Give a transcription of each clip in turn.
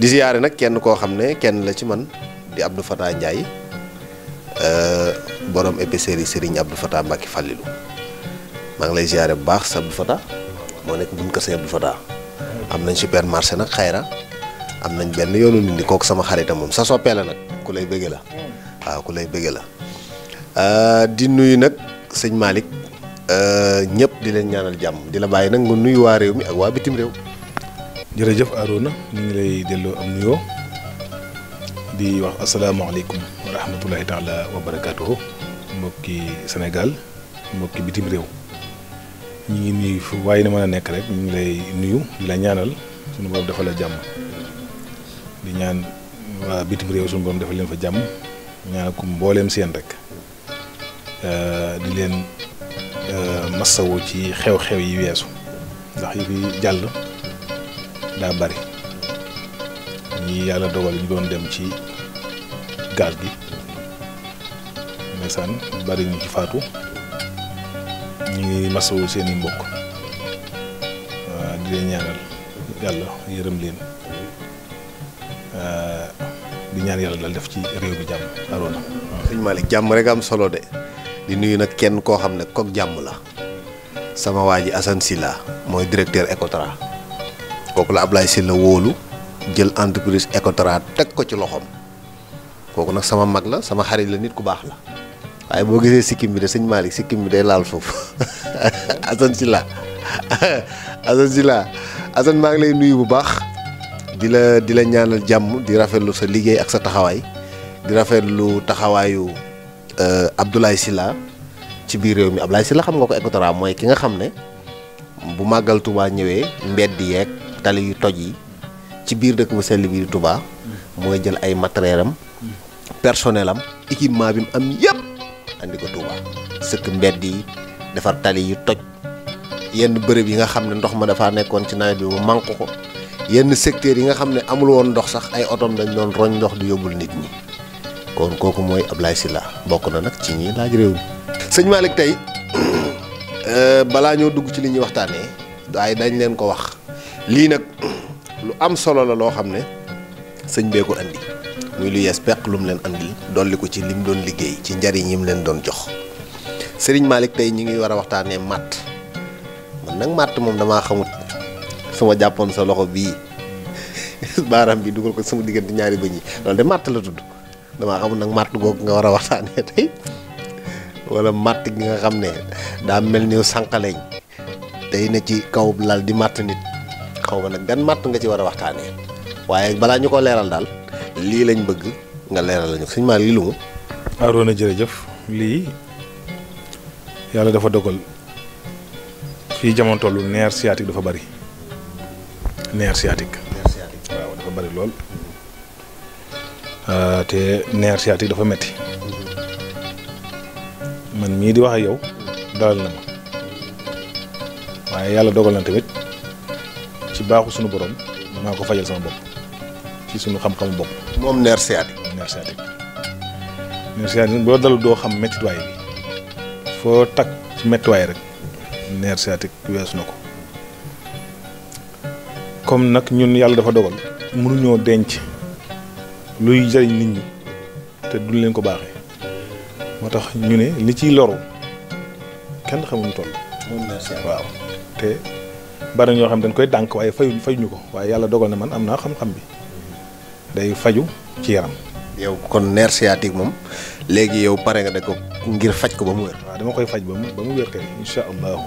di ziaré nak kenn ko xamné ne kenn la ci man di Abdou ndjay euh borom épicerie Serigne Abdou fata mbaki fallilu ma ngi lay ziaré bu baax sa Abdou Fatah moo nekk buñ ko sa Abdou Fatah am nañ supermarché nak khayra am nañ benn yoonu nit sama xarita mom sa soppee la begela, ku lay bëggé la ku lay bëggé la euh, di nuyu serigne malik, nyep euh, ñëpp di leen ñaanal jamm di la bayyi nak nga nuyu wa réew mi ak wa bitim réew jërëjëf Arouna ñu ngi lay delloo am nuyoo di wax asalaamaaleykum wa rahmatulahi taala wa barakaatuhu mbokki senegal mbokki bitim réew ñu ngi nuyu fu waaye ni mën a nekk rek mu ngi lay nuyu di la ñaanal suñu borom dafa la jàmm di ñaan waa bitim réew suñu borom dafa leen fa jàmm ñaanal mbooleem seen rek euh, di leen euh, masawu ci xew-xew yi weesu ndax yi fi jàll. daa bari ñi yàlla dogal ñu doon dem ci gaal gi ndeysaan bari ñu ci faatu ñu ngi seeni mbokk waa di leen ñaanal yàlla yërëm leen di ñaan yàlla dal def ci réew bi jàmm aroona sëñ Malick jàmm rek am solo de di nuyu nag kenn koo xam ne kook jàmm la sama waa ji Assane Sylla mooy directeur Ecotra koku la ablay sin wolu jël entreprise ecotra tek ko ci loxom koku nak sama mag la sama xarit la nit ku bax la waye bo gisee sikim bi de seigne malik sikim bi day laal fofu asan sila asan la asan mag lay nuyu bu bax dila dila ñaanal jamm di rafetlu sa liggey ak sa taxaway di rafetlu taxawayu euh abdoulay sila ci biir rew mi ablaye sila xam nga ko ecotra moy ki nga xamne bu magal touba ñewé mbéddi yek tali yu toj yi ci biir dëkk bu sell bi di Touba mooy jël ay matériel am personnel am équipement bi mu am yëpp andi ko sëkk mbedd yi defar tali yu toj yenn bërëb yi nga xam ne ndox ma dafa nekkoon ci nawet bi mu manqué ko yenn secteurs yi nga xam ne amul woon ndox sax ay otom dañ doon roñ ndox di yóbbul nit ñi kon kooku mooy Ablaye Sylla bokk na nag ci ñi laaj réew mi sëñ Malick tey euh, balaa ñoo dugg ci li ñuy waxtaanee waaye dañ leen ko wax lii nag lu am solo la loo xam ne sëñ bee ko andi muy lu yees peq lum mu leen andil dolli ko ci lim doon liggéey ci njariñ yi mu leen doon jox sëriñ Malick tey ñu ngi war a waxtaanee màtt man nag matt moom damaa xamut jàppoon sa loxo bii baaraam bi dugal ko sama diggante ñaari bëñ yi la tudd damaa xamut nag matt googu nga war a waxtaanee tey wala màtt gi nga xam ne daa mel ni sànqaleñ tey na ci kaw lal di matt nit. xawma nak gan mat nga ci wara waxtane waye bala ñuko leral dal li lañ bëgg nga leral lañu señ maa lii lu arona aaroona jërëjëf li yalla dafa dogal fi jamon tollu nerf siatik dafa bari nerf siatik waaw dafa bari lool ah, te nerf siatik dafa metti mm-hmm. man mi di wax ak yow dalal na ma waye yalla dogal na tamit ci baaxu suñu borom maa ko fajal sama bopp ci suñu xam-xamu bopp. moom nerf sciatique. nerf sciatique nerf sciatique boo dal doo xam méttiwaay bi foo takk ci méttiwaay rek nerf sciatique weesu na ko comme nag ñun yàlla dafa dogal mënuñoo denc luy jëriñ nit ñi te duñ leen ko baaxee moo tax ñu ne nit ciy loru kenn xamuñu toll. waaw te. bari ñoo xam dañ koy dànk waaye fayu fayuñu ko waaye yàlla dogal na man am naa xam-xam bi day faju ci yaram. yow kon nerf sciatique moom léegi yow pare nga da ko ngir faj ko ba mu wér. waaw dama koy faj ba mu ba mu wér kay incha allahu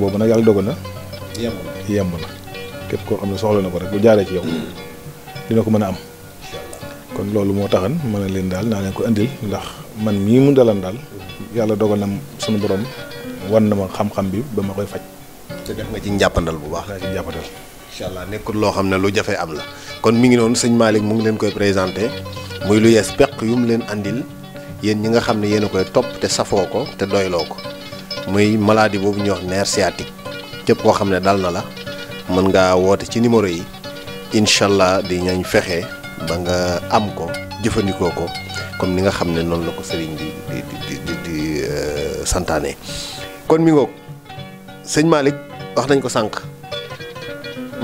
boobu nag yàlla dogal na. yemb na koo xam ne soxla na ko rek bu jaaree ci yow dina ko mën a am. kon loolu moo taxan mën leen daal naa leen ko indil ndax man mii mu dalan daal yàlla dogal na sunu borom wan na ma xam-xam bi ba ma koy faj. te def nga bu baax. ci njàppandal. nekkul loo xam ne lu jafe am la kon mi ngi noonu sëñ Malick mu ngi leen koy présenté lu yees peq yu mu leen andil yéen ñi nga xam ne yéen a koy topp te safoo ko te doyloo ko muy maladie boobu ñuy wax nerf sciatique képp koo xam ne dal na la mën ngaa woote ci numéro yi incha allah dinañ fexe ba nga am ko jëfandikoo ko kon ni nga xam ne noonu la ko sëriñ di di di di euh, santaane kon mi ngoog sëñ Malick wax nañ ko sank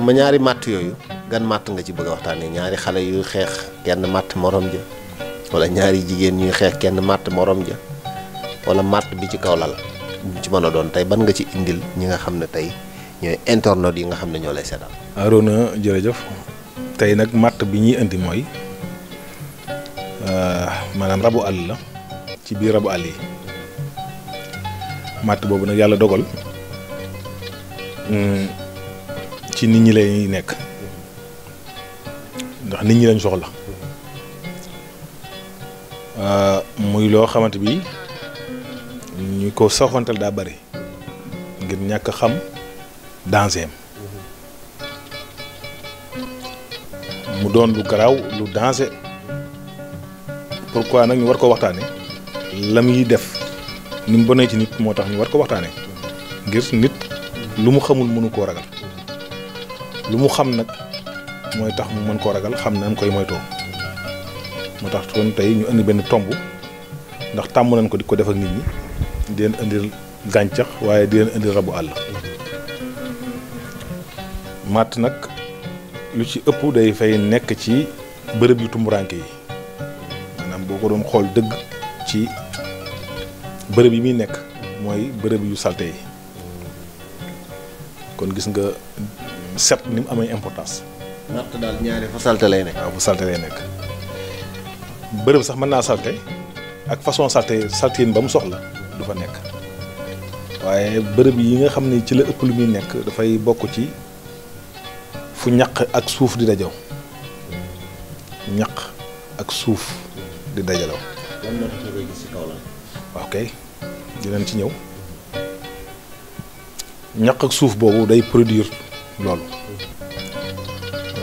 ma ñaari mat yoyu gan mat nga ci bëgg waxtane ñaari xalé yu xex kenn mat morom ja wala ñaari jigen yu xex kenn mat morom ja wala mat bi ci kaw lal ci mëna doon tay ban nga ci indil ñi nga xamne tay ñoy internet yi nga xamne ne lay sétal Arona jërëjëf tay nak mat bi ñi indi mooy euh, manam rabu allah ci bi rabu ali mat bobu nak yalla dogal. ci nit ñi lay nekk ndax nit ñi lañ soxla euh, muy loo xamante bi ñu ko soxantal daa bari ngir ñàkk xam danger mu doon lu garaaw lu danger pourquoi nag ñu war ko waxtaane lam muy def ni mu bonee ci nit moo tax ñu war ko waxtaanee ngir nit lu mu xamul mënu koo ragal lu mu xam nag mooy tax mu mën koo ragal xam na koy moytoo moo tax kon tey ñu indi benn tomb ndax tàmm nañ ko di ko def ak nit ñi di leen indil gàncax waaye di leen indil rabu àll matt nag lu ci ëpp day fay nekk ci bërëb yu tumburanke yi maanaam boo ko doon xool dëgg ci bërëb yi muy nekk mooy bërëb yu salte yi kon gis nga set ni mu amee importance. natt daal ñaari fa salte lay nekk. waaw bu salte lay nekk bërëb sax mën naa salte ak façon salte salteen ba mu soxla du fa nekk waaye bërëb yi nga xam ne ci la ëpp lu muy nekk dafay bokk ci fu ñaq ak suuf di dajaw ñaq ak suuf di dajalaw. lan moo tax ok dinañ ci ñëw. ñaq ak suuf boobu day produire loolu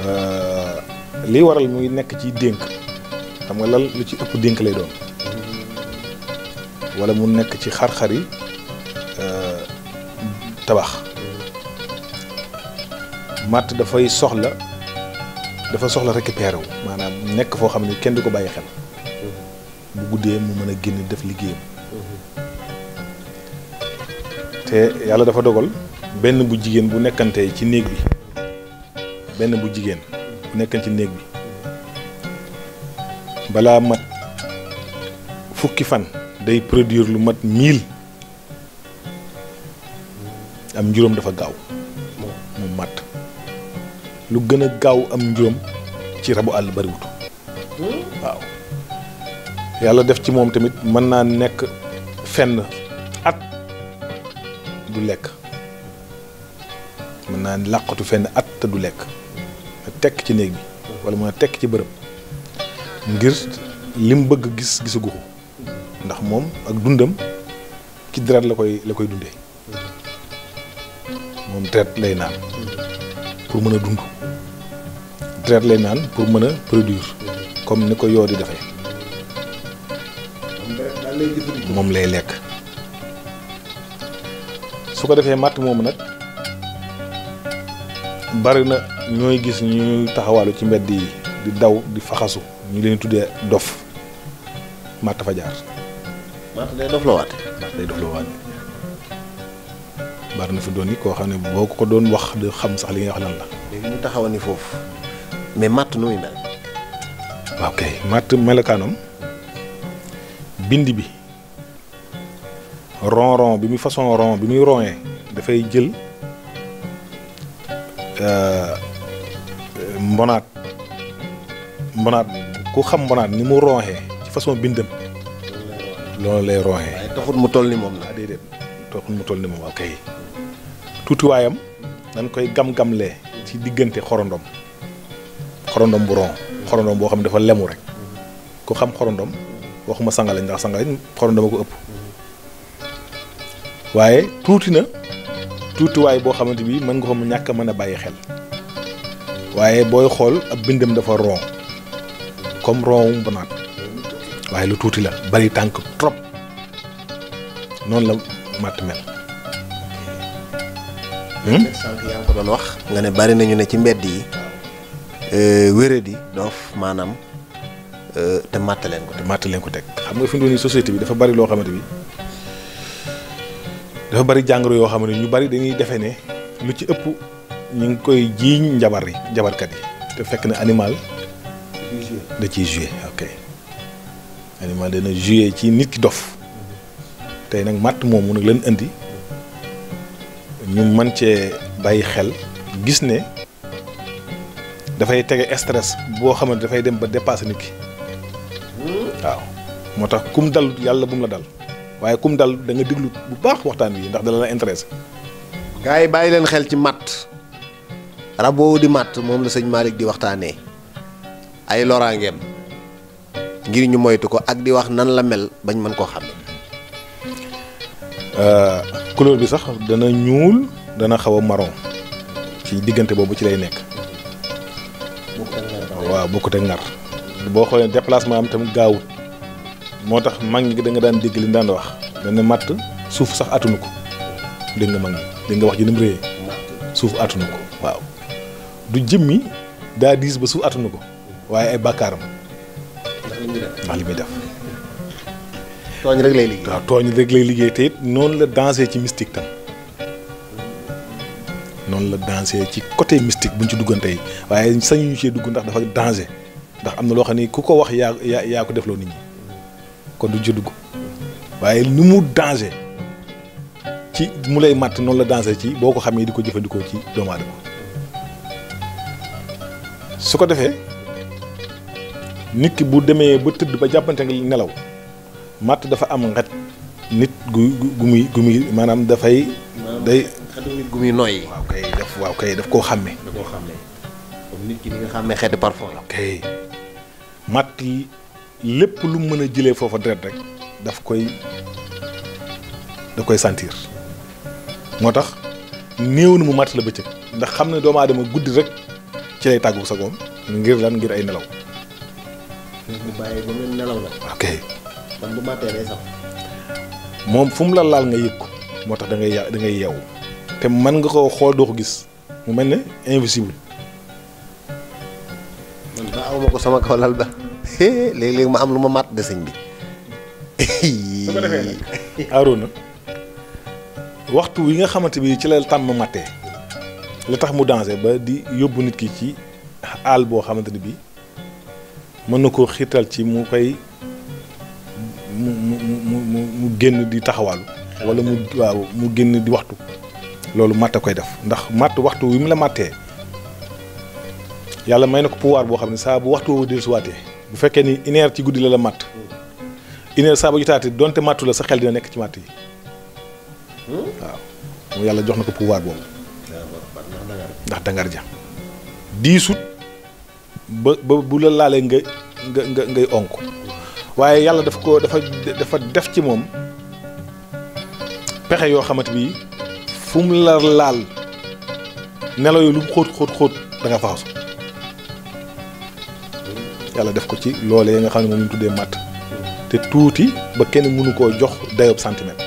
euh, li waral muy nekk ci dénk xam nga lal lu ci ëpp dénk lay doon wala mu nekk ci xar-xari euh, tabax matt dafay soxla dafa soxla récupéré wu maanaam nekk foo xam ne kenn di ko bàyyi xel bu guddee mu mën a génn def liggéeyam te yàlla dafa dogal benn bu jigéen bu nekkantee ci néeg bi benn bu jigéen bu nekkan ci néeg bi balaa mat fukki fan day produir lu mat mille am njuróom dafa gaaw mu mat lu gën a gaaw am njuróom ci rabu àll bariwut hmm? waaw yàlla def ci moom tamit mën naa nekk fenn du lekk mën naa làqatu fenn at te du lekk na tekk ci néeg bi wala mën a tekk ci bërëb ngir lim bëgg gis gisu ko ndax moom ak dundam ki deret la koy la koy dundee moom deret lay naan pour mën a dund deret lay naan pour mën a produire comme ni ko yoo di defee moom lay lekk ko defee màtt moomu nag bari na ñooy gis ñu taxawalu ci mbedd yi di daw di faxasu ñu leen tuddee dof matt fa jaar. matt day dof la waate. day dof la waate bari na fi doon yi koo xam ne boo ko doon wax xam sax li nga wax lan la. léegi ñu taxawal ni foofu mais màtt nu muy mel. waaw kay matt melokaanam bind bi. ron ron bi muy façon ron bi muy roné dafay jël euh, mbonaat mbonaat ku xam mbonaat ni mu ronxee façon bindam loolu lay ronxee. waaye taxul mu toll ni moom la ah, tuutiwaayam dañ koy gam-gamlee ci diggante xorondom xorondom bu ron xorondom boo xam ne dafa lemu rek ku xam xorondom waxuma sangalañ ndax sangalañ xorondom a ko ëpp. waaye tuuti na tuutiwaay boo xamante bi mën nga ko ñàkk a mën a bàyyi xel waaye booy xool ab bindam dafa ron comme ron bu waaye lu tuuti la bari tànk trop noonu la matt mel. Hmm? sànq yaa ngi ko doon wax. nga ne bari nañu ne ci mbedd yi euh, wéradi doof maanaam euh, te matt ko. te matt leen ko teg xam nga fi mu ne nii bi dafa bari loo xamante bi. dafa bari jàngoro yoo xam ñu bari dañuy defee ne lu ci ëpp ñu ngi koy jiiñ njabar yi njabarkat yi te fekk na animal da ciy joué ok animal dana joué ci nit ki dof tey nag matt moomu nag leen indi ñu man cee bàyyi xel gis ne dafay tege stress boo xam dafay dem ba dépassé nit ki waaw moo tax kum dal yàlla bu mu la dal waaye comme dal da nga déglu bu baax waxtaan wi ndax dala la intéressé. gars yi bàyyi leen xel ci matt rab woowu di matt moom la sëñ Malick di waxtaanee ay loraangeem ngir ñu moytu ko ak di wax nan la mel bañ mën koo xam. Euh, couleur bi sax dana ñuul dana xaw a marron ci diggante boobu ci lay nekk. waaw bokkut ak ngar boo xoolee déplacement am tamit gaawut moo tax mag ñi danga daan dégg li ñu daan wax dana matt suuf sax atunu ko dégg nga man ñi dégg nga wax ji ni mu réyee suuf atunu ko waaw du jëmmi daa diis ba suuf atunu ko waaye ay bàkkaaram ndax li muy def tooñ rek lay liggéey waaw tooñ liggéey te it noonu la dansé ci mystique tam noonu la dansé ci côté bu buñ ci duggante yi waaye sañu ñu cee dugg ndax dafa dansé ndax am na loo xam ni ku ko wax yaa yaa ko defloo nit ñi kon du ci ko waaye lu mu danger ci mu lay matt noonu la danger ci boo ko xamee di ko jëfandikoo ci doomu aadama su ko defee nit ki bu demee ba tëdd ba jàppante nelaw matt dafa am nget nit gu gu gu maanaam dafay. day xetu nit gu muy koo xàmmee. da koo xàmmee comme nit ki la. ok matt yi lépp lu mu mën a jëlee foofa deret rek daf koy da koy sentir moo tax néew na mu màtt la bëccëg ndax xam ne doomu aadama guddi rek ci lay tàggu sagoom ngir lan ngir ay nelaw. bu bàyyi ba mu nelaw la. ok man bu màttee day moom fu mu la laal nga yëg ko moo tax da ngay da ngay yeewu te mën nga ko xool doo ko gis mu mel ne invisible. man ba ko sama kaw lal léeg-léeg ma am lu ma mat de sëñ bi. su ko defee nag Arouna waxtu wi nga xamante bi ci la tàmm mattee la tax mu danger ba di yóbbu nit ki ci àll boo xamante ni bi mën na koo xiital ci mu koy mu mu mu mu di taxawaalu wala mu waaw mu génn di waxtu loolu matt koy def ndax matt waxtu wi mu la mattee yàlla may na pouvoir boo xam ne bu waxtu woowu dellusiwaatee bu fekkee ni une heure ci guddi la la matt une heure jotaati donte mattu la sa xel dina nekk ci matt yi waaw moom yàlla jox na ko pouvoir boobu ndax dangar ja diisut ba ba bu la laalee nga nga nga ngay onk waaye yàlla daf ko dafa dafa def ci moom pexe yoo xamante bi fu la laal nelaw yi lu xóot xóot xóot da nga faxasu yàlla def ko ci loolee nga xam ne moom ñu tuddee mat te tuuti ba kenn mënu koo jox dayob centimètre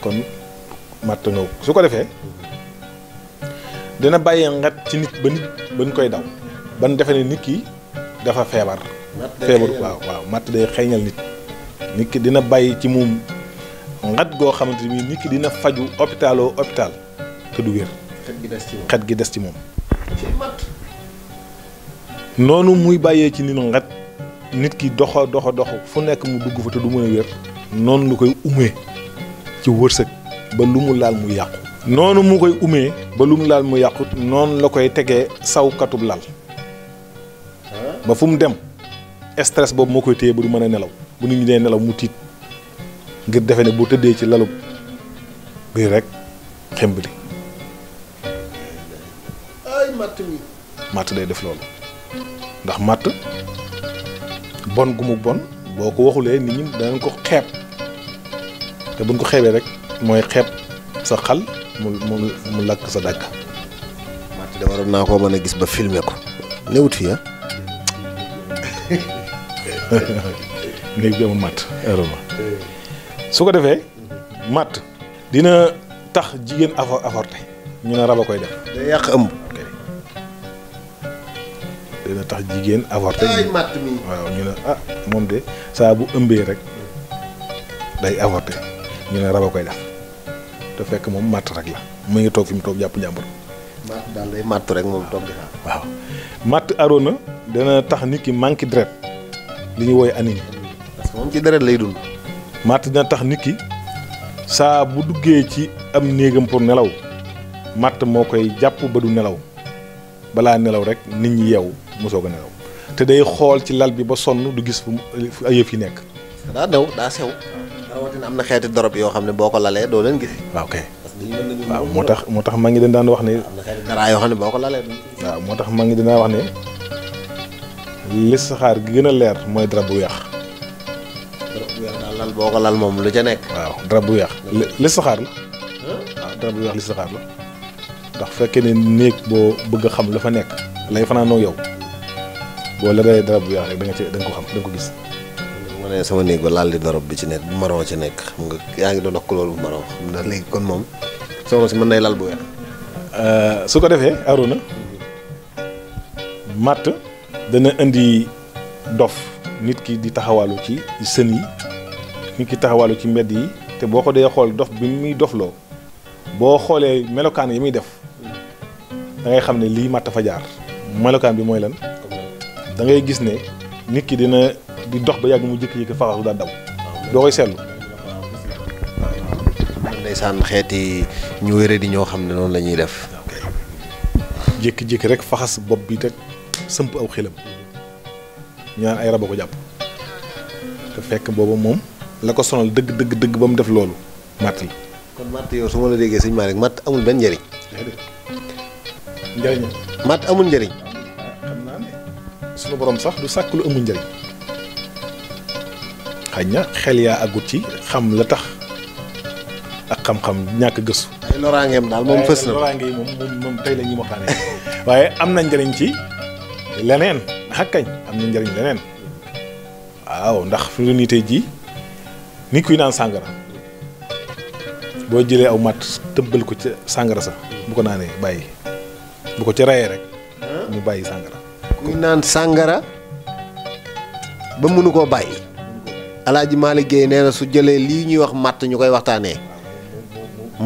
kon matt nga su ko defee dina bàyyi ngat ci nit ba nit ba koy daw ban defe ne nit ki dafa feebar feebar waaw waaw matt day xeeñal nit nit ki dina bàyyi ci moom ngat goo xamante ni nit ki dina faju hôpitaloo hôpital te du wér xet gi des ci moom noonu muy bàyyee ci nit ngat nit ki doxa doxa doxa fu nekk mu dugg fa te du mën a wér noonu lu koy umee ci wërsëg ba lu mu laal mu yàqu noonu mu koy umee ba lu mu laal mu yàqut noonu la koy tegee saw katub lal ba fu mu dem stress boobu moo koy téye ba du mën a nelaw bu nit ñi dee nelaw mu tiit ngir defe ne bu tëddee ci lalub bii rek xembali matt day def loolu ndax màtt bon gu mu bon boo ko waxulee nit ñi danañ ko xeeb te buñ ko xeebee rek mooy xeeb sa xal mu mu mu lakk sa dàkk. màtt de naa koo mën a gis ba filmer ko. newut fii ah. néeg bi amul màtt heureusement su ko defee matt dina tax jigéen avorté ñu ne rab a koy def. dina tax jigéen avorté waaw ñu ne ah mom de sa bu ëmbé rek day avorté ñu ne raba koy def te fekk mom mat rek la mu ngi tok fi mu toog jàpp njàmbur matt daal day mat rek mom tok di waaw mat arona dana tax nit ki manki dret li ñu woy ani parce que mom ci dret lay dund mat dina tax nit ki sa bu duggé ci am négam pour nelaw mat mo koy japp ba du nelaw balaa nelaw rek nit ñi yeewu mosoo ko nelaw te day xool ci lal bi ba sonn du gis fu ay yëf yi nekk. daa daw daa sew. am na xeeti dorop yoo xam ne boo ko lalee doo waaw moo tax moo tax maa ngi daan wax ne. am yoo xam ne boo lalee moo tax maa ngi daan wax ne li gi gën a leer mooy darab bu weex. darab boo ko lal moom lu ca nekk. waaw darab bu weex. li saxaar la. waaw darab bu weex li saxaar la. ndax fekkee ne néeg boo bëgg a xam la fa nekk lay fanaanoo yow boo la dee bu weex rek da nga ci da nga ko xam da ko gis. ma ne sama néeg ba laal di darab bi ci nekk bu maroo ci nekk xam nga yaa ngi doon wax maroo xam ndax léegi kon moom soxna si mën nay lal bu euh, su ko defee Arouna màtt dana indi dof nit ki di taxawaalu ci sën yi nit ki taxawaalu ci mbedd yi te boo ko dee xool dof bi muy dofloo boo xoolee melokaan yi muy def. da ngay xam li lii fa jaar melokan bi moy lan da ngay gis ne nit ki dina di dox ba yag mu yi ko faaxu da daw do koy seetlu ndaysan ndeysaan ñu wéré di ñoo xam non lañuy def jik jik rek faxas bopp bi tek semp aw xilam ñaan ay rabako japp te fekk bobu mom la ko sonal deug deug deug bam def lolu matti kon matti yow suma la déggé sëñ malik mat amul ben njëriñ njëriñam. matt amul njëriñ. sunu boroom sax du sàkk lu amul njëriñ xëy na xel yaa àggut ci xam la tax ak xam-xam ñàkk gëstu. ay daal moom fës na loraange moom moom ñu ma xaanee waaye am na njëriñ ci leneen xakkañ am na njariñ leneen waaw ndax fi mu tey ji nit kuy naan sàngara boo jëlee aw matt tëbbal ko ca sàngara sa bu ko naanee bàyyi. bu ya, ko ci rayé rek mu bayyi sangara ku naan sangara ba mënu ko sujale alaaji malik gey neena su jëlé li ñuy wax mat ñu koy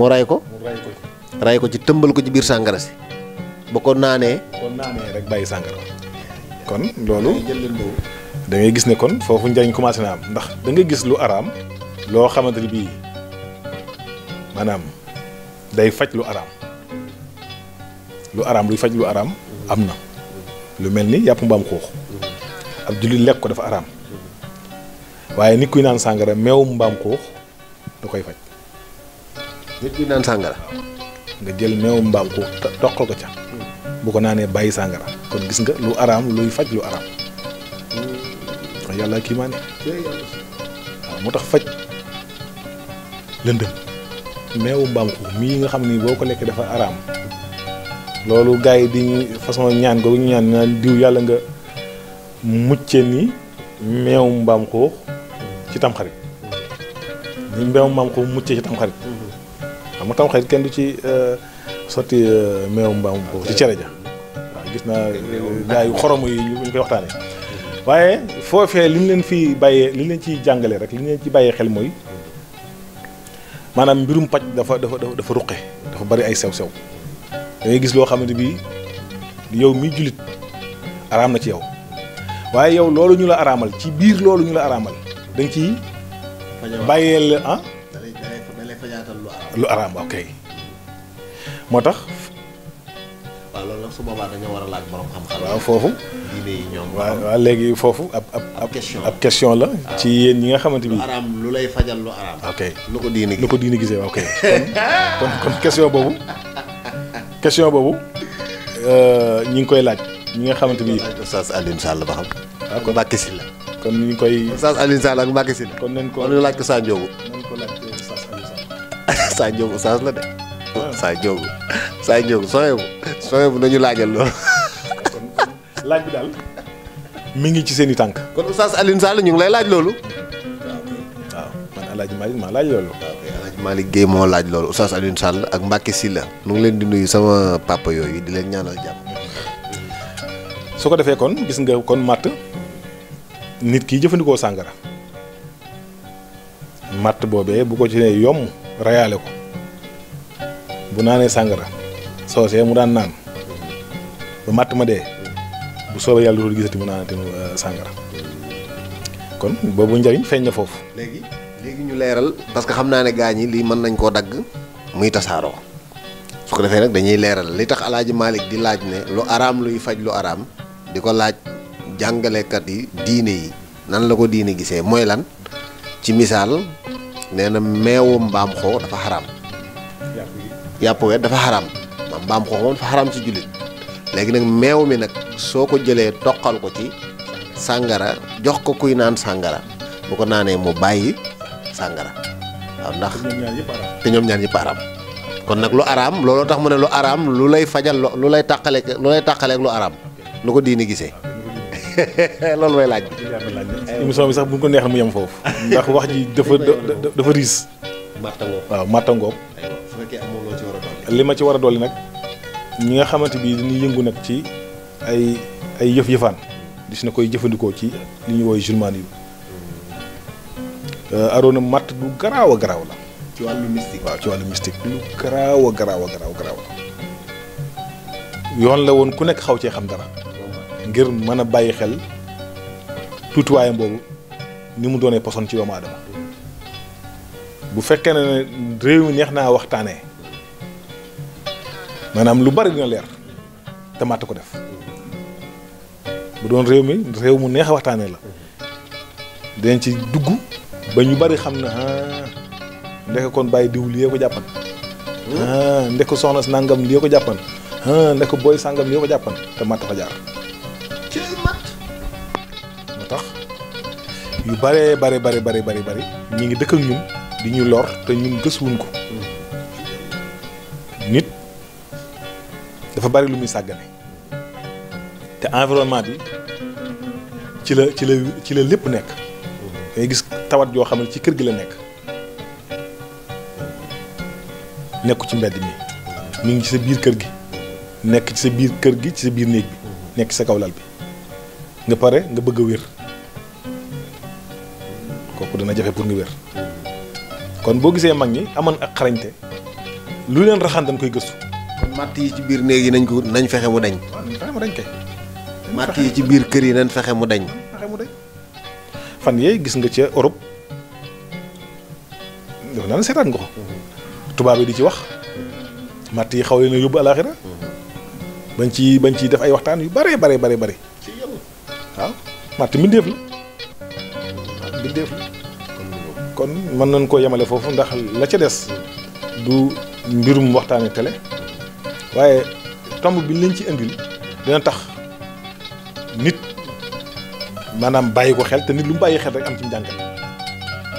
ray ko ray ko ci tëmbal ko ci bir sangara si bu ko rek kon lolu da ngay gis ne kon fofu njariñ commencé na am ndax da ngay gis lu aram lo xamanteni bi manam day fajj lu aram lu aram luy faj lu aram amna lu mel ni mbam mbaam xuux ab jullit lekk ko dafa aram waye nit kuy nan sangara mew mbam xuux du koy faj nit kuy nan sangara nga jël mew mbam xuux tokko ko ca bu ko nané sangara kon gis nga lu aram luy faj lu aram yàlla kii maa ne faj lëndëm meewu mbaam nga xamni boko lek dafa aram loolu gars yi di façon ñaan googu ñu ñaan naan diw yàlla nga muccee ni meew mbaam xuux ci tamxarit ni meew mbaam xuux muccee ci mm-hmm. tamxarit kenn du ci euh, sotti euh, meew mbaam xuux ci cere ja gis naa euh, gars yu xoromu yi ñu koy waxtaanee mm-hmm. waaye foofee li ñu leen fi bàyyee li ñu leen ciy jàngalee rek li ñu leen ci bàyyee xel mooy maanaam mbirum paj dafa dafa dafa ruqe dafa bari ay sew-sew da gis loo xamante bi yow mi jullit araam na ci yow waaye yow loolu ñu la araamal ci biir loolu ñu la araamal da nga ciy bàyyeel ah lu araam ok moo tax waaw loolu su boobaa dañoo war a laaj borom xam foofu diine ñoom waaw waaw léegi foofu ab ab ab question la ci yéen ñi nga xamante bi araam lu lay fajal lu araam ok lu ko diine lu gisee ok kon kon question boobu question boobu euh, ñu ngi koy laaj ñi nga xamante ni. Oustaz Alioune Sall ba xam. waaw ah, kon Mbacke kon ñu ngi koy. Oustaz Alioune Sall ak Mbacke Sylla. kon nañ ko war nga laaj ko Sa Ndiogou. nañ Sa la de. waaw ah. Sa Ndiogou Sa Ndiogou sooyeebu bi daal mi ngi ci seen i tànk. kon Oustaz Alioune Sall ñu ngi lay laaj loolu. waaw waaw man laaj loolu. Malik Gueye mo laaj loolu Oustaz Aliou Sall ak Mbacké Sylla nu ngi leen di nuyu sama papa yo di leen ñaanal jamm suko defé kon gis nga kon mat, nit ki jëfëndiko sanggara mat bobé bu ko ci né yom rayalé ko bu naanee sangara sosé mu daan naan bu mat ma dé bu soobé yalla dootul gisati mu naanati uh, sangara kon bu ndariñ feeñ fofu légui légui ñu léral parce que xamna né ne gaa ñi mën nañ ko dag muy tasaaroo su ko défé nak dañuy léral li tax alaaji malik di laaj né lu aram luy faj lu aram di laaj jangalé kat yi diiné yi nan la ko diiné gisé moy lan ci misal nee na meewu mbaam xoo dafa haram yapp wé dafa haram maam mbaam xoo moom dafa xaraam ci julit légui nak meew mi nak soko jëlé jëlee ko ci sangara jox ko kuy naan sangara bu ko naanee mu bayyi sangara waaw ndax te ñom ñaar ñëpp araam kon nak lu aram lolo tax mu ne lu aram lu lay fajal lu lay takale lu lay tàqaleeg lu aram nu ko diini gisee loolu way laaj bi émission sax bu ko neexal mu yam fofu ndax wax ji dafa dafa riis màttangoog waaw màttangoog li ma ci war a dolli nag ñi nga xamanti bi dañuy yëngu nak ci ay ay yëf-yëfaan di na koy jëfëndiko ci li ñu woy julmaan yi Euh, Arona matt lu garaaw a garaaw la. ci wàllu mystique waaw ci wàllu mystique lu garaaw a garaaw a garaaw garaaw yoon la woon ku nekk xaw cee xam dara. ngir mën a bàyyi xel tuutiwaayam boobu ni mu doonee poson ci doomu aadama bu fekkee ne réew mi neex naa waxtaanee maanaam lu bari dina leer te matt ko def bu doon réew mi réew mu neex a waxtaanee la dinañ ci dugg. ba ñu bari xam na ah ndeke kon bàyyi diw lii ko jàppan ah soxna si nangam lii ko jàppan ah ndeke booy sàngam lii te matt fa jaar. ci matt. moo tax yu baree bari bari bari bari bari ñu ngi dëkk ak ñun di ñu lor te ñun gëstuwuñ ko. nit dafa bari lu muy sàggane te environnement bi ci la ci la ci la lépp nekk. ngay gis tawat yoo xam ne ci kër gi la nekk nekku ci mbedd mi mi ngi ci sa biir kër gi nekk ci sa biir kër gi ci sa biir néeg bi nekk sa kaw lal bi nga pare nga bëgg a wér kooku dana jafe pour nga wér kon boo gisee mag ñi amoon ak xarañte lu leen raxaan dañ koy gëstu ci biir néeg yi nañ ko nañ fexe mu dañ fexe mu dañ kay matt yi ci biir kër yi nañ fexe mu dañ fan ye gis nga ci Europe do na setan seetaan ko di ci wax mat yi xaw leen a alakhirah ban ci ban ci def ay waxtan yu bare bare bare bare la la kon man nan ko yamale fofu ndax la ci des du mbirum waxtaane tele waye tombe bi liñ ci andil dina tax nit manam bàyyi ko xel te nit lu mu xel rek am ci jangal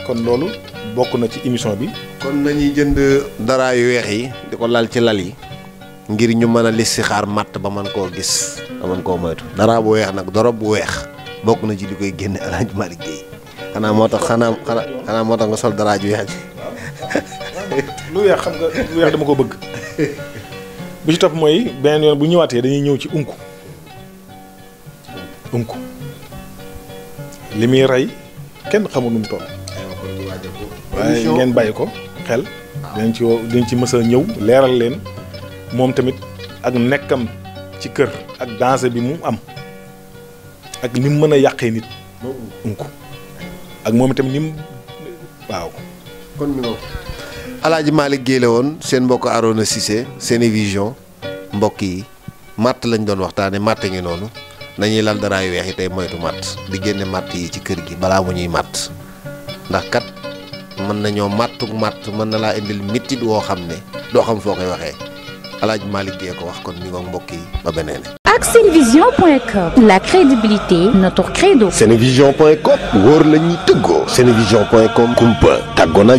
kon lolu bokku na ci émission bi. kon nañuy jënd dara yu weex yi diko lal ci lal yi ngir ñu mën a xaar mat ba man ko gis ba man ko moytu dara bu weex nak dorob bu bokku na ci dikoy malik gey motax xana xana motax nga sol dara ju lu weex xam nga lu weex dama ko bëgg bu ci top moy beneen yoon bu ñëwaaté dañuy ñëw ci unku unku li muy rey kenn xamul nu mu toll. waaye ngeen bàyyi ko xel. Ah. dañ ci woo dinañ ci mës a ñëw leeral leen moom tamit ak nekkam ci kër ak danger bi mu am ak ni mu mën a yàqee nit. unk ak moom itam ni mu waaw. kon ñu Alaaji woon seen mbokk Arona Cissé vision mbokk yi matt lañ doon waxtaanee matt ngi noonu. nañuy lal dara yu weex yi tey moytu matt di génne màtt yi ci kër gi balaa mu ñuy matt ndax kat mën nañoo mattuk màtt mën na laa indil mitit woo xam ne doo xam foo koy waxee alaaj maa Guèye ko wax kon ñu nga mbokk yi ba beneen ak senevision.com la crédibilité notre credo senevision.com wóor la ñuy tëggoo senevision.com kumpa tàggoo